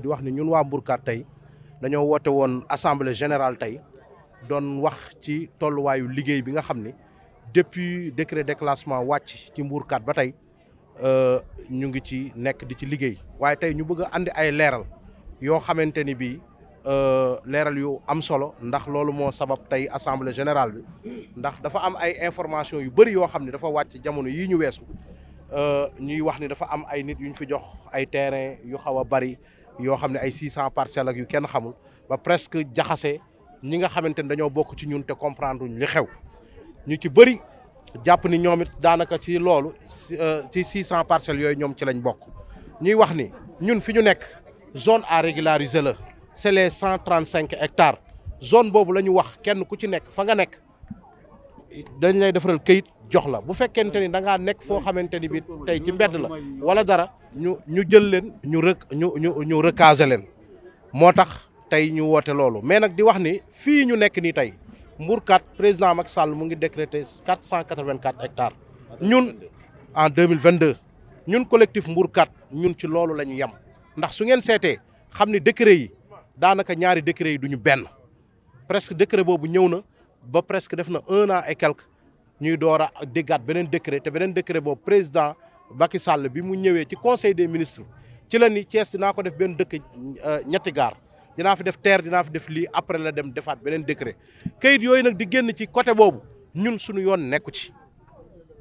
di wax ni ñun waa Mbourkat tey dañoo woote woon assemblée général tey doon wax ci tolluwaayu liggéey bi nga xam ni depuis décret déclassement wàcc ci Mbourkat ba tey euh, ñu ngi ci nekk di ci liggéey waaye tey ñu bëgg a andi ay leeral yoo xamante ni bii euh, leeral yu am solo ndax loolu moo sabab tey assemblée générale bi ndax dafa am ay information yu bëri yoo xam ne dafa wàcc jamono yii ñu weesu euh, ñuy wax ni dafa am ay nit yu ñu fi jox ay terrain yu xaw a bëri yoo xam ne ay 600 parcelle ak yu kenn xamul ba presque jaxase ñi nga xamante ni dañoo bokk ci ñun te comprendre ñu li xew ñu ci bëri jàpp ni ñoom it daanaka ci loolu ci 600 euh, parcelles yooyu ñoom ci lañ bokk ñuy wax ni ñun fi ñu nekk zone à régulariser la c'est les 135 hectares zone boobu la ñu wax kenn ku ci nekk fa nga nekk dañ lay defaral kayit jox la bu fekkente ni da ngaa nekk foo xamante ni bi tey ci mbedd la wala dara ñu ñu jël leen ñu rëk ñu ñu ñu recaser leen moo tax tey ñu woote loolu mais nag di wax ni fii ñu nekk nii tey Mbourkat président Macky Sall mu ngi décrété quatre cent quatre-vingt-quatre hectares ñun en deux mille vingt-deux ñun collectif Mbourkat ñun ci loolu la ñu yem ndax su ngeen seetee xam ni décret yi daanaka ñaari décret yi du ñu benn presque décret boobu ñëw na ba presque def na un an et quelque ñuy door a déggaat beneen décret te beneen décret boobu président Macky Sall bi mu ñëwee ci conseil des ministres ci la ni Thiès dinaa ko def benn dëkk euh, ñetti gaar dinaa fi def terre dinaa fi def lii après la dem defaat beneen décret këyit yooyu nag di génn ci côté boobu ñun suñu yoon nekku ci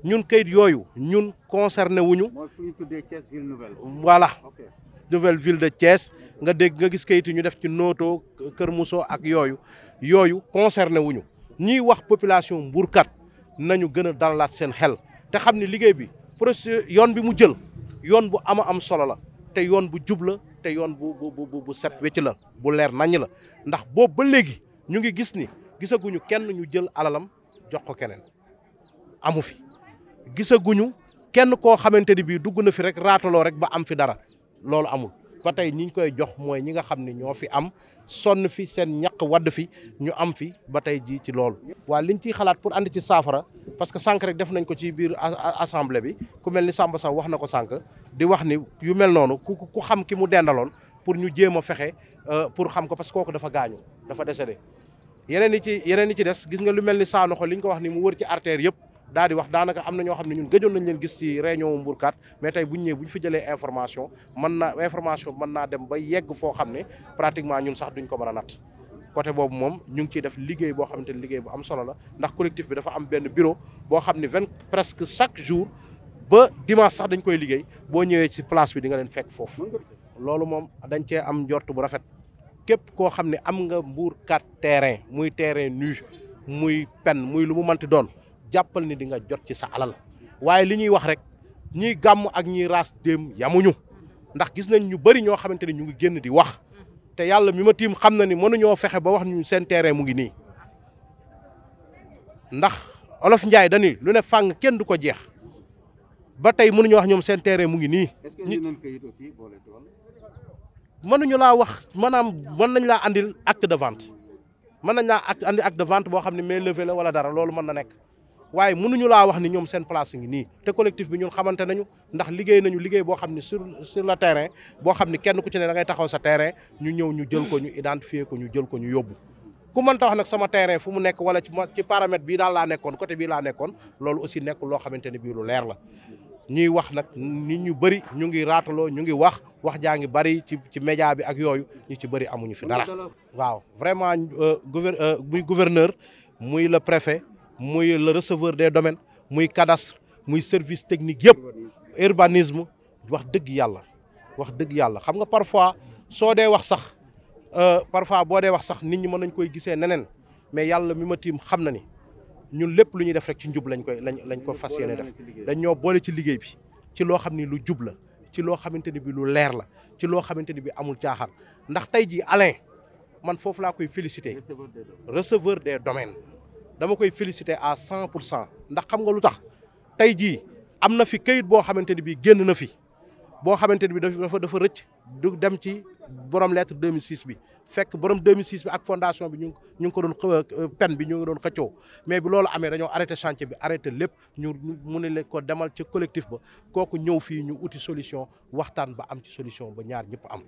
ñun këyit yooyu ñun concerné wuñu. mooy fu ñu tuddee Thiès ville de Thiès nga dégg nga gis kayit yi ñu def ci Noto Kër Mousso ak yooyu yooyu concerné ñu ñuy wax population Mbourkat. nañu gën a dalalaat seen xel te xam ni liggéey bi procédure yoon bi mu jël yoon bu ama am solo la te yoon bu jub la te yoon bu bu bu bu set wecc la bu leer nañ la ndax boobu ba léegi ñu ngi gis ni gisaguñu kenn ñu jël alalam jox ko keneen amu fi gisaguñu kenn koo xamante ni bii dugg na fi rek raataloo rek ba am fi dara loolu amul. ba tey ñi ñu koy jox mooy ñi nga xam ne ñoo fi am sonn fi seen ñaq wadd fi ñu am fi ba tey jii ci loolu. waa ñu ciy xalaat pour ànd ci saafara parce que sànq rek def nañ ko ci biir assemble bi ku mel ni Samba sax wax na ko sànq di wax ni yu mel noonu ku ku xam ki mu dendaloon pour ñu jéem a fexe euh, pour xam ko parce que kooku dafa gaañu dafa décédé. yeneen yi ci yeneen yi ci des gis nga lu mel ni saanoxo li ñu ko wax ni mu wër ci artère yëpp. daal di wax daanaka am na ñoo xam ne ñun gëjoon nañ leen gis ci réunion Mbourkat mais tey bu ñu ñëwee ñu fa jëlee information mën na information mën naa dem ba yegg foo xam ne pratiquement ñun sax duñ ko mën a natt côté boobu moom ñu ngi ciy def liggéey boo xamante ne liggéey bu am solo la ndax collectif bi dafa am benn bureau boo xam ne vingt presque chaque jour ba dimanche sax dañ koy liggéey boo ñëwee ci place bi dinga nga leen fekk foofu. loolu moom dañ cee am njort bu rafet képp koo xam ne am nga Mbourkat terrain muy terrain nu muy pen muy lu mu manti doon. jàppal ni di nga jot ci sa alal waaye li ñuy wax rek ñiy gàmm ak ñiy raas déem yamuñu ndax gis nañ ñu bëri ñoo xamante ni ñu ngi génn di wax te yàlla mi ma tiim xam na ni mënuñoo fexe ba wax ñu seen terrain mu ngi nii ndax olof Njaay dañuy lu ne fàng kenn du ko jeex ba tey mënuñoo wax ñoom seen terrain mu ngi nii. est-ce que kayit aussi wax maanaam mën nañ laa andil acte de vente man nañ laa acte andi acte de vente boo xam ne main levée la wala dara loolu mën na nekk. waaye mun mënuñu laa wax ni ñoom seen place ngi nii te collectif bi ñun xamante nañu ndax liggéey nañu liggéey boo xam ne sur sur le terrain boo xam ne kenn ku ci ne da ngay taxaw sa terrain ñu ñëw ñu jël ko ñu identifier ko ñu jël ko ñu yóbbu ku mënta wax nag sama terrain fu mu nekk wala ci ci paramètre bii daal laa nekkoon côté bii laa nekkoon loolu aussi nekk loo xamante ne bii lu leer la ñuy wax nag nit ñu bëri ñu ngi raataloo ñu ngi wax wax jaa ngi bari ci ci média bi ak yooyu ñu ci bëri amuñu fi dara. waaw vraiment euh, euh, muy gouverneur muy le préfet. muy le receveur des domaines muy cadastre muy service technique yëpp urbanisme wax dëgg yàlla wax dëgg yàlla xam nga parfois soo dee wax sax euh, parfois boo dee wax sax nit ñi mën nañ koy gisee neneen mais yàlla mi ma tiim xam na ni ñun lépp lu ñuy def rek ci njub lañ koy lañ lañ ko fas yenee def dañ ñoo boole ci liggéey bi ci loo xam ni lu jub la ci loo xamante ni bi lu leer la ci loo xamante ni bi amul caaxaan ndax tey jii Alain man foofu laa koy féliciter receveur des domaines dama koy féliciter à cent pour cent ndax xam nga lu tax tey jii am na fi kayit boo xamante ni bii génn na fi boo xamante ni bii dafa dafa rëcc du dem ci borom lettre 2006 bi fekk borom 2006 bi ak fondation bi ñu ñu ngi ko doon pen bi ñu ngi doon xëccoo mais bi loolu amee dañoo arrêté chantier bi arrêté lépp ñu mu ne leen ko demal ci collectif ba kooku ñëw fii ñu uti solution waxtaan ba am ci solution ba ñaar ñëpp am.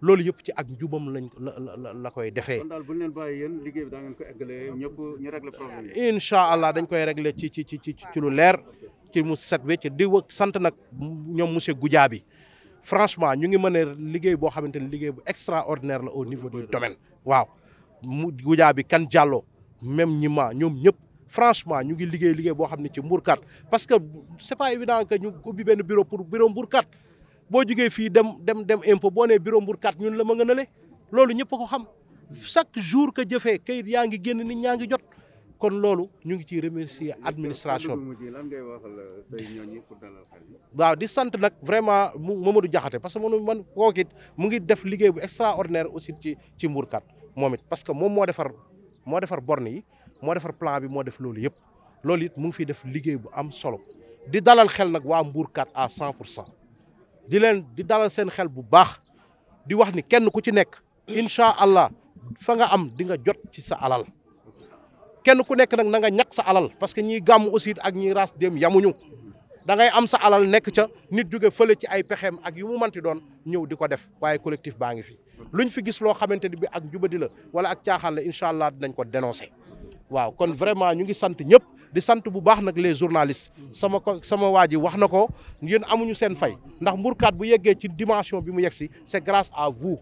loolu yëpp ci ak njubam lañ la la la koy defee. kon daal leen bàyyi yéen liggéey bi ko eggalee ñëpp ñu régler allah dañ koy régler ci ci ci ci lu leer ci mu set bi ci di wax sant nag ñoom monsieur Goudia bi franchement ñu ngi mën a liggéey boo xamante ni liggéey bu extraordinaire la au niveau du domaine. waaw mu Goudia bi kan jàlloo même ñi ma ñoom ñëpp. franchement ñu ngi liggéey liggéey boo xam ne ci mburkat parce que c'est pas évident que ñu bi benn bureau pour bureau mburkat boo jugee fii dem dem dem impôt boo ne bureau Mbour 4 ñun la ma nga a loolu ñëpp ko xam chaque jour que jëfee kayit yaa ngi génn nit ñaa ngi jot kon loolu ñu ngi ciy remercier administration waaw di sant nag vraiment mu Mamadou jaxate parce que man man kookit mu ngi def liggéey bu extraordinaire aussi ci ci Mbour 4 moom it parce que moom moo defar moo defar borne yi moo defar plan bi moo def loolu yëpp loolu it mu ngi fiy def liggéey bu am solo di dalal xel nag waa Mbour à 100 pour cent di leen di dalal seen xel bu baax di wax ni kenn ku ci nekk incha allah fa nga am di nga jot ci sa alal kenn ku nekk nag na nga ñàkk sa alal parce que ñii gàmm aussi ak ñiy raas dem yamuñu da ngay am sa alal nekk ca nit jóge fële ci ay pexeem ak yu mu manti doon ñëw di ko def waaye collectif baa ngi fi lu ñu fi gis loo xamante ni bi ak jubadi la wala ak caaxaan la incha allah dinañ ko dénoncer. waaw kon vraiment ñu ngi sant ñëpp di sant bu baax nag les journalistes sama ko sama waa ji wax na ko yéen amuñu seen fay ndax mburkaat bu yeggee ci dimension bi mu yegg si c'est grâce à vous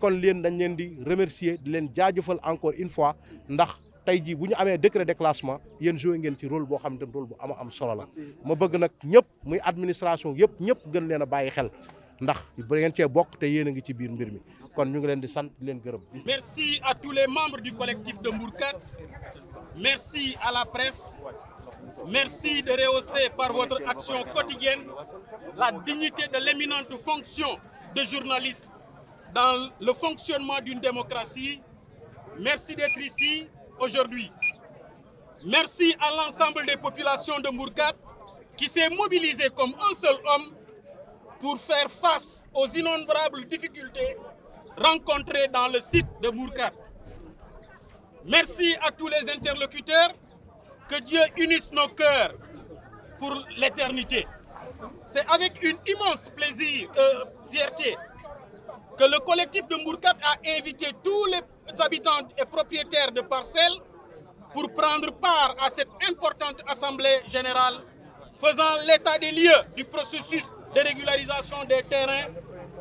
kon leen dañ leen di remercier di leen jaajëfal encore une fois ndax tey jii bu ñu amee décret de classement yéen joué ngeen ci rôle boo xam ne rôle boo ama am solo la ma bëgg nag ñëpp muy administration yëpp ñëpp gën leen a bàyyi xel ndax ba ngeen cee bokk te yéen a ngi ci biir mbir mi kon ñu ngi leen di sant leen gërëm. Merci Merci à la presse. Merci de rehausser par votre action quotidienne la dignité de l'éminente fonction de journaliste dans le fonctionnement d'une démocratie. Merci d'être ici aujourd'hui. Merci à l'ensemble des populations de Mourkat qui s'est mobilisée comme un seul homme pour faire face aux innombrables difficultés rencontrées dans le site de Mourkat. Merci à tous les interlocuteurs. Que Dieu unisse nos cœurs pour l'éternité. C'est avec une immense plaisir, euh, fierté que le collectif de Mourkat a invité tous les habitants et propriétaires de parcelles pour prendre part à cette importante assemblée générale faisant l'état des lieux du processus de régularisation des terrains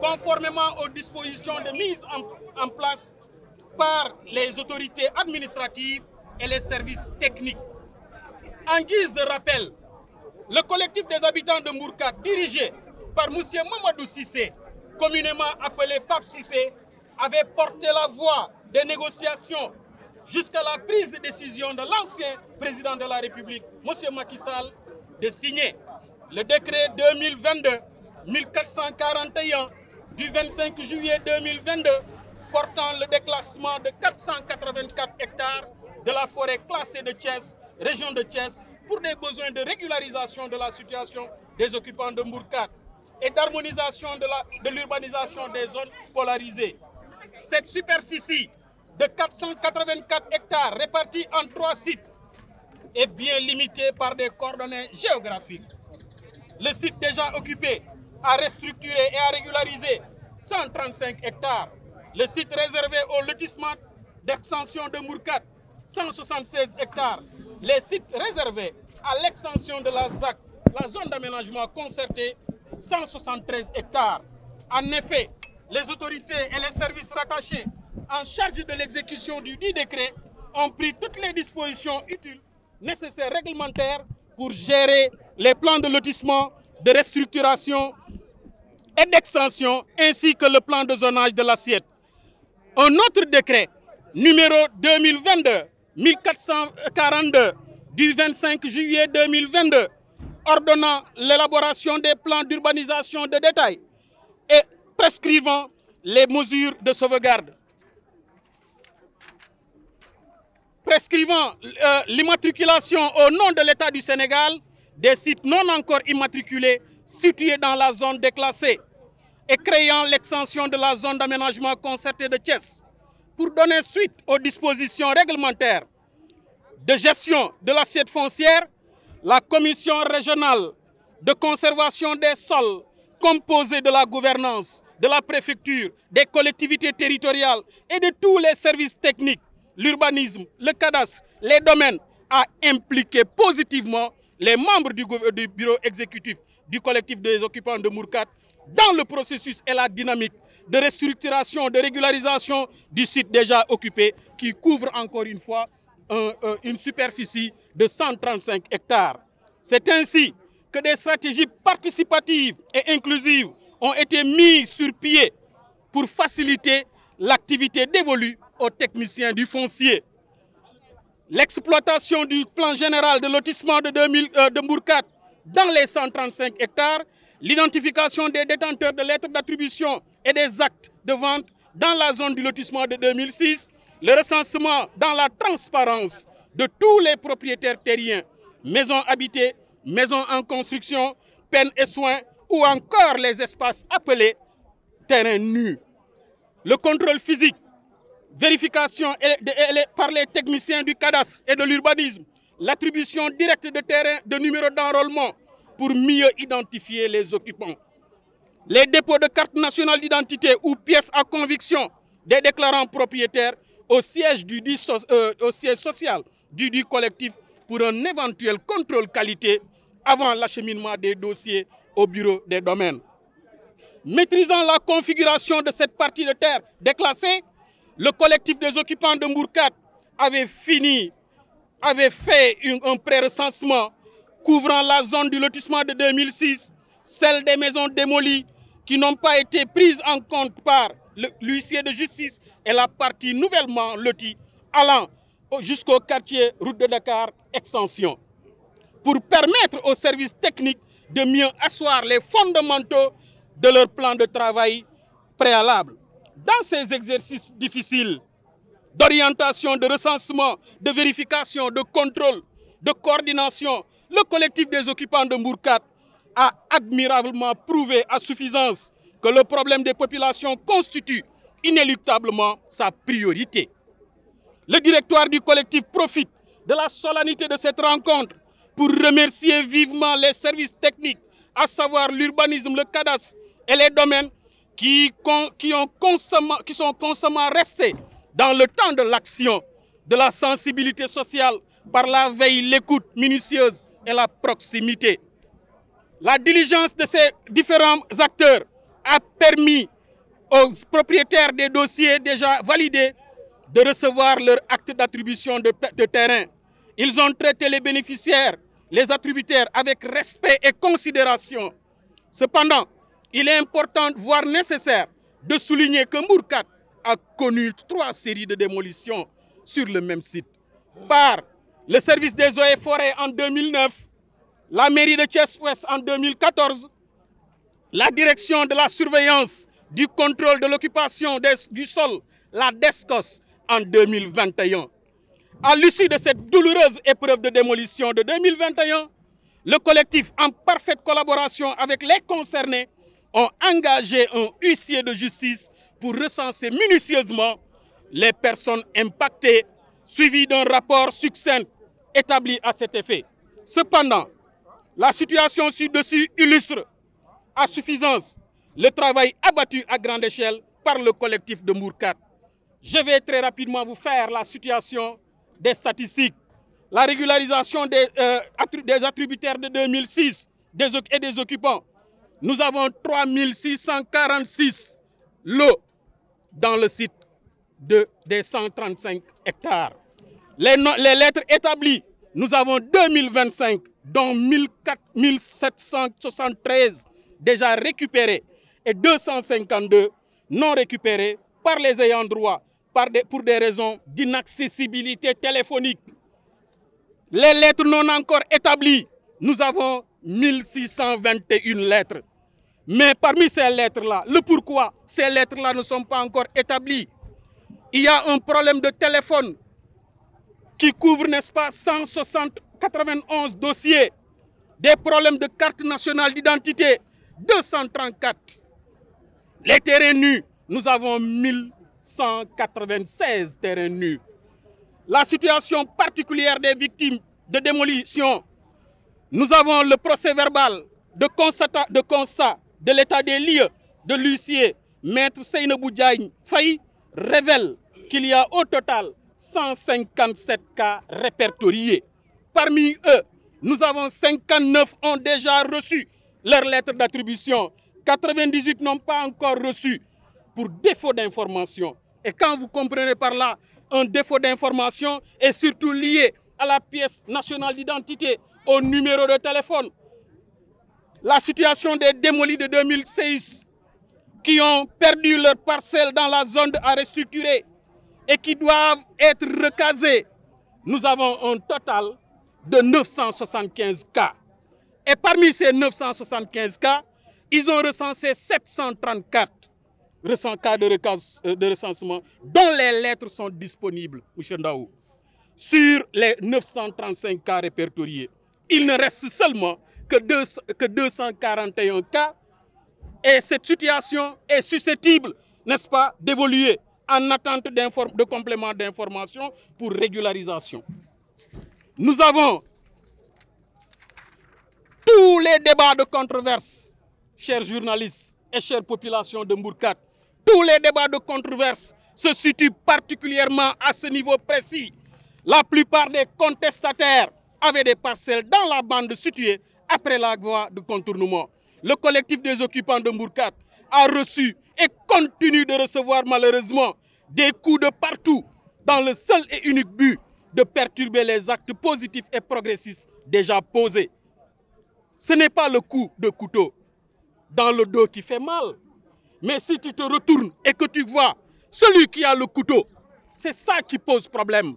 conformément aux dispositions de mise en, en place par les autorités administratives et les services techniques. En guise de rappel, le collectif des habitants de Mourkat, dirigé par M. Mamadou Sissé, communément appelé Pape Sissé, avait porté la voie des négociations jusqu'à la prise de décision de l'ancien président de la République, M. Macky Sall, de signer le décret 2022-1441 du 25 juillet 2022 portant le déclassement de 484 hectares de la forêt classée de Thiès, région de Thiès, pour des besoins de régularisation de la situation des occupants de Mbourkat et d'harmonisation de l'urbanisation de des zones polarisées. Cette superficie de 484 hectares répartie en trois sites est bien limitée par des coordonnées géographiques. Le site déjà occupé a restructuré et a régularisé 135 hectares le site réservé au lotissement d'extension de Mourkat, 176 hectares. Les sites réservés à l'extension de la ZAC, la zone d'aménagement concertée, 173 hectares. En effet, les autorités et les services rattachés en charge de l'exécution du dit décret ont pris les dispositions utiles, nécessaires réglementaires pour gérer les plans de lotissement, de restructuration et d'extension, le plan de zonage de l'assiette. un autre décret numéro 2022 1442 du 25 juillet 2022 ordonnant l'élaboration des plans d'urbanisation de détail et prescrivant les mesures de sauvegarde. Prescrivant euh, au nom de l'État du Sénégal des sites non encore immatriculés situés dans la zone déclassée. et créant l'extension de la zone d'aménagement concerté de Thiès pour donner suite aux dispositions réglementaires de gestion de l'assiette foncière, la commission régionale de conservation des sols composée de la gouvernance, de la préfecture, des collectivités territoriales et de tous les services techniques, l'urbanisme, le cadastre, les domaines, a impliqué positivement les membres du, bureau exécutif du collectif des occupants de Mourkat dans le processus et la dynamique de restructuration, de régularisation du site déjà occupé qui couvre encore une fois un, un, euh, une superficie de 135 hectares. C'est ainsi que des stratégies participatives et inclusives ont été mises sur pied pour faciliter l'activité dévolue aux techniciens du foncier. L'exploitation du plan général de lotissement de, 2000, euh, de Mourkat dans les 135 hectares l'identification des détenteurs de lettres d'attribution et des actes de vente dans la zone du lotissement de 2006, le recensement dans la transparence de tous les propriétaires terriens, maisons habitées, maisons en construction, peines et soins ou encore les espaces appelés terrains nus. Le contrôle physique, vérification par les techniciens du cadastre et de l'urbanisme, l'attribution directe de terrain de numéro d'enrôlement, pour mieux identifier les occupants. Les dépôts de carte nationale d'identité ou pièces à conviction des déclarants propriétaires au siège, du, euh, au siège social du dit collectif pour un éventuel contrôle qualité avant l'acheminement des dossiers au bureau des domaines. Maîtrisant la configuration de cette partie de terre déclassée, le collectif des occupants de Mourkat avait fini, avait fait une, un pré couvrant la zone du lotissement de 2006, celle des maisons démolies qui n'ont pas été prises en compte par l'huissier de justice et la partie nouvellement lotie allant jusqu'au quartier route de Dakar extension pour permettre aux services techniques de mieux asseoir les fondamentaux de leur plan de travail préalable. Dans ces exercices difficiles d'orientation, de recensement, de vérification, de contrôle, de coordination, Le collectif des occupants de Mbour 4 a admirablement prouvé à suffisance que le problème des populations constitue inéluctablement sa priorité. Le directoire du collectif profite de la solennité de cette rencontre pour remercier vivement les services techniques, à savoir l'urbanisme, le cadastre et les domaines qui, qui, ont constamment, qui sont constamment restés dans le temps de l'action, de la sensibilité sociale, par la veille, l'écoute minutieuse et la proximité. La diligence de ces différents acteurs a permis aux propriétaires des dossiers déjà validés de recevoir leur acte d'attribution de, de, terrain. Ils ont traité les bénéficiaires, les attributaires, avec respect et considération. Cependant, il est important, voir nécessaire, de souligner que Mourkat a connu trois séries de démolitions sur le même site par le service des eaux et forêts en 2009, la mairie de Thiès-Ouest en 2014, la direction de la surveillance du contrôle de l'occupation du sol, la DESCOS, en 2021. À l'issue de cette douloureuse épreuve de démolition de 2021, le collectif, en parfaite collaboration avec les concernés, ont engagé un huissier de justice pour recenser minutieusement les personnes impactées suivi d'un rapport succinct établi à cet effet. Cependant, la situation ci-dessus illustre à suffisance le travail abattu à grande échelle par le collectif de Mbour 4. Je rapidement vous faire la situation des statistiques. La régularisation des, euh, des attributaires de 2006 des, et des occupants. Nous avons 3646 lots dans le site de, des 135 hectares. les no les lettres établies nous avons deux mille vingt cinq dont mille quatre mille sept cent soixante treize déjà récupérées et deux cent cinquante deux non récupérées par les ayants par des pour des raisons d'inaccessibilité téléphonique les lettres non encore établies nous avons mille six cent vingt et une lettres mais parmi ces lettres-là le pourquoi ces lettres-là ne sont encore établies il y un problème de téléphone qui couvre, n'est-ce pas, 160, 91 dossiers, des problèmes de carte nationale d'identité, 234. Les terrains nus, nous avons 1196 terrains nus. La situation particulière des victimes de démolition, nous avons le procès verbal de constat de, constat de de l'huissier, maître Seynabou Diagne Faye, révèle qu'il y a au 157 cas répertoriés. Parmi eux, nous avons 59 ont déjà reçu leur lettre d'attribution. 98 n'ont pas encore reçu pour défaut d'information. Et quand vous comprenez par là, un défaut d'information est surtout lié à la pièce nationale d'identité, au numéro de téléphone. La situation des démolis de 2006 qui ont perdu leur parcelle dans la zone à restructurer, et qui doivent être recasés. Nous avons un total de 975 cas. Et parmi ces 975 cas, ils ont recensé 734 cas euh, de, recensement dont les lettres sont disponibles, Ndaou. Sur les 935 cas répertoriés, il ne reste seulement que, deux, que 241 cas et cette situation est susceptible, n'est-ce pas, d'évoluer. en attente de compléments d'information pour régularisation. Nous avons tous les débats de controverse, chers journalistes et chères population de Mbourkat, tous les débats de controverse se situent particulièrement à ce niveau précis. La plupart des contestataires avaient des parcelles dans la bande située après la voie de contournement. Le collectif des occupants de Mbourkat a reçu et continue de recevoir malheureusement des coups de partout dans le seul et unique but de perturber les actes positifs et progressistes déjà posés. Ce n'est pas le coup de couteau dans le dos qui fait mal, mais si tu te retournes et que tu vois celui qui a le couteau, c'est ça qui pose problème.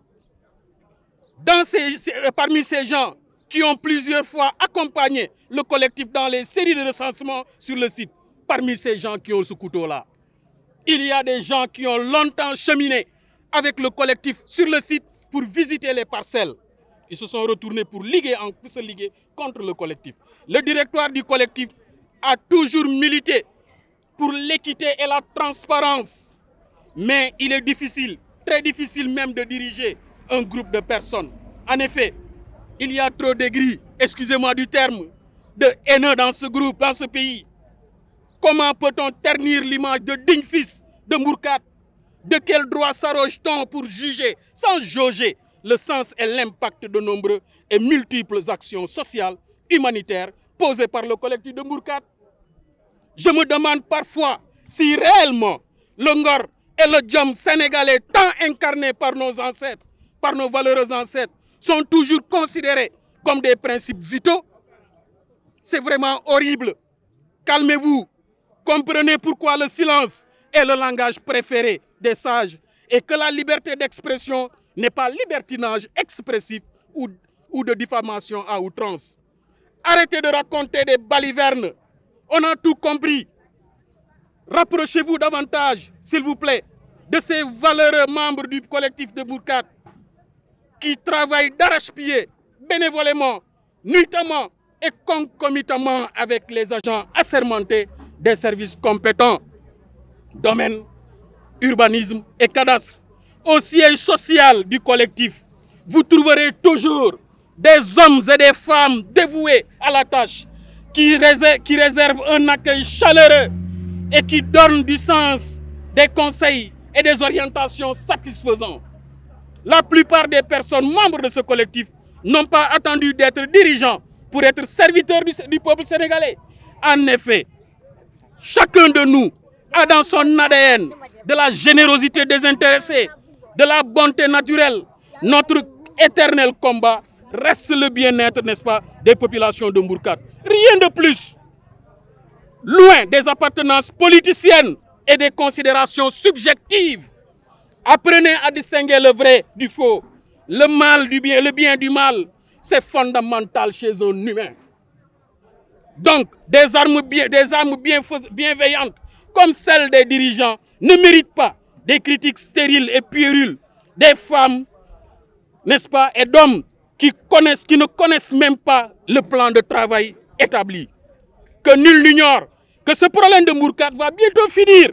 Dans ces, parmi ces gens qui ont plusieurs fois accompagné le collectif dans les séries de recensement sur le site, parmi ces gens qui ont ce couteau-là. Il y a des gens qui ont longtemps cheminé avec le collectif sur le site pour visiter les parcelles. Ils se sont retournés pour, liguer, en se liguer contre le collectif. Le directoire du collectif a toujours milité pour l'équité et la transparence. Mais il est difficile, très même de diriger un groupe de personnes. En effet, il y a trop d'aigris, excusez-moi du terme, de haineux dans ce groupe, dans ce pays. Comment peut-on ternir l'image de digne fils de Mourkat De quel droit s'arroge-t-on pour juger, sans jauger, le sens et l'impact de nombreux et multiples actions sociales, humanitaires posées par le collectif de Mourkat Je me demande parfois si réellement le Ngor et le Djom sénégalais, tant incarnés par nos ancêtres, par nos valeureux ancêtres, sont toujours considérés comme des principes vitaux. C'est vraiment horrible. Calmez-vous, Comprenez pourquoi le silence est le langage préféré des sages et que la liberté d'expression n'est pas libertinage expressif ou, de diffamation à outrance. Arrêtez de raconter des balivernes. On a tout compris. Rapprochez-vous davantage, s'il vous plaît, de ces valeureux membres du collectif de Bourkat qui travaillent d'arrache-pied, nuitamment et concomitamment avec les agents assermentés des services compétents domaine urbanisme et cadastre au siège social du collectif vous trouverez toujours des hommes et des femmes dévoués à la tâche qui qui réservent un accueil chaleureux et qui donnent du sens des conseils et des orientations satisfaisants la plupart des personnes membres de ce collectif n'ont pas attendu d'être dirigeants pour être serviteurs du, du peuple sénégalais en effet Chacun de nous a dans son ADN de la générosité désintéressée, de la bonté naturelle. Notre éternel combat reste le bien-être, n'est-ce pas, des populations de Mbourkat. Rien de plus. Loin des appartenances politiciennes et des considérations subjectives. Apprenez à distinguer le vrai du faux, le mal du bien, le bien du mal. C'est fondamental chez un humain. Donc, des armes, bien, des armes bien, bienveillantes, comme celles des dirigeants, ne méritent pas des critiques stériles et puériles des femmes, n'est-ce pas, et d'hommes qui, connaissent, qui ne connaissent même pas le plan de travail établi. Que nul n'ignore que ce problème de Mourkade va bientôt finir.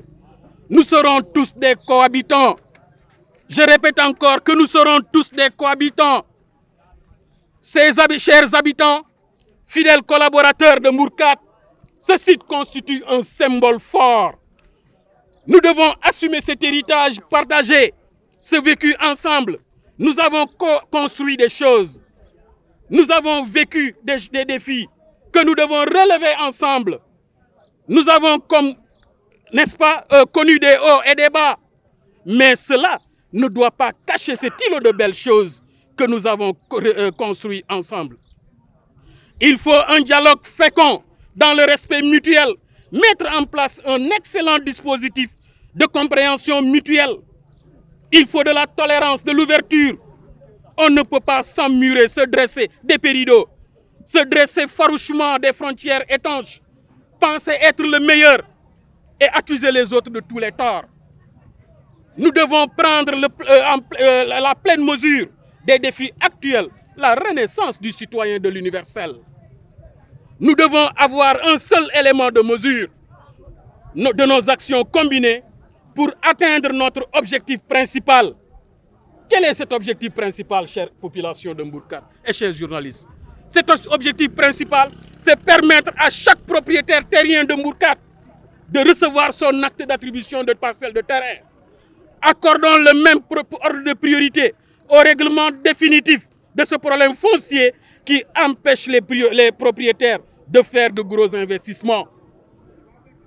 Nous serons tous des cohabitants. Je répète encore que nous serons tous des cohabitants. Ces hab chers habitants, fidèle collaborateur de Mourkat, ce site constitue un symbole fort. Nous devons assumer cet héritage partagé, ce vécu ensemble. Nous avons co construit des choses. Nous avons vécu des, des défis que nous devons relever ensemble. Nous avons, comme, n'est-ce pas, euh, connu des hauts et des bas. Mais cela ne doit pas cacher cet îlot de belles choses que nous avons euh, construit ensemble. Il faut un dialogue fécond dans le respect mutuel, mettre en place un excellent dispositif de compréhension mutuelle. Il faut de la tolérance, de l'ouverture. On ne peut pas s'emmurer, se dresser des péridots, se dresser farouchement des frontières étanches, penser être le meilleur et accuser les autres de tous les torts. Nous devons prendre le, euh, en, euh, la pleine mesure des défis actuels, la renaissance du citoyen de l'universel. nous devons avoir un seul élément de mesure de nos actions combinées pour atteindre notre objectif principal. Quel est cet objectif principal, chère population de Mbourkar et chers journalistes Cet objectif principal, c'est permettre à chaque propriétaire terrien de Mbourkar de recevoir son acte d'attribution de parcelle de terrain. Accordons le même ordre de priorité au règlement définitif de ce problème foncier qui empêche les, les propriétaires de faire de gros investissements.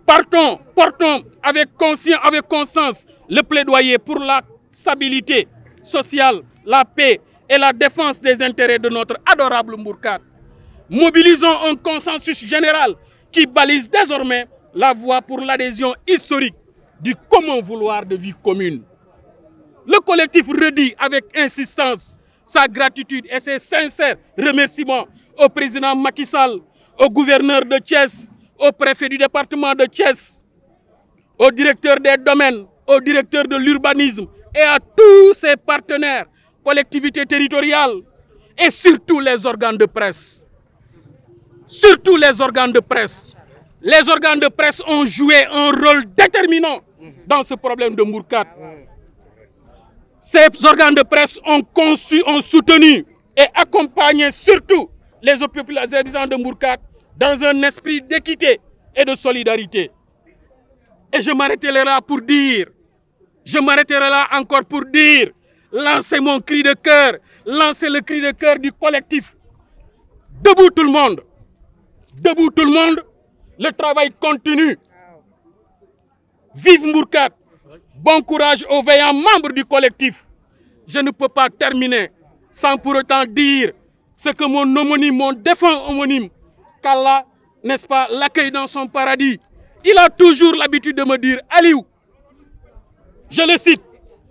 Partons, portons avec conscience, avec conscience le plaidoyer pour la stabilité sociale, la paix et la défense des intérêts de notre adorable Mbourkat. Mobilisons un consensus général qui balise désormais la voie pour l'adhésion historique du commun vouloir de vie commune. Le collectif redit avec insistance sa gratitude et ses sincères remerciements au président Macky au gouverneurs de Thiès, au préfet du département de Thiès, au directeurs des domaines, au directeurs de l'urbanisme et à tous ses partenaires, collectivités territoriales et surtout les organes de presse. Surtout les organes de presse. Les organes de presse ont joué un rôle déterminant dans ce problème de Mourkat. Ces organes de presse ont conçu, ont soutenu et accompagné surtout les populations de Mbourkat dans un esprit d'équité et de solidarité. Et je m'arrêterai là pour dire, je pour dire, lancez mon cri de cœur, lancez le cri de cœur du collectif. Debout tout le monde, debout tout le monde, le travail continue. Vive Mbourkat, bon courage aux veillants membres du collectif. Je ne peux pas terminer sans pour autant dire ce que mon homonyme, mon défunt homonyme, qu'Allah, n'est-ce pas, l'accueille dans son paradis. Il a toujours l'habitude de me dire, Aliou, je le cite,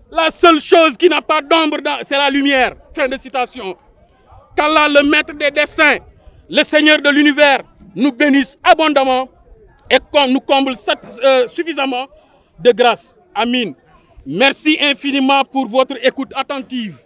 la seule chose qui n'a pas d'ombre, c'est la lumière. Fin de citation. Qu'Allah, le maître des desseins, le Seigneur de l'univers, nous bénisse abondamment et qu'on nous comble euh, suffisamment de grâce. Amin. Merci infiniment pour votre écoute attentive.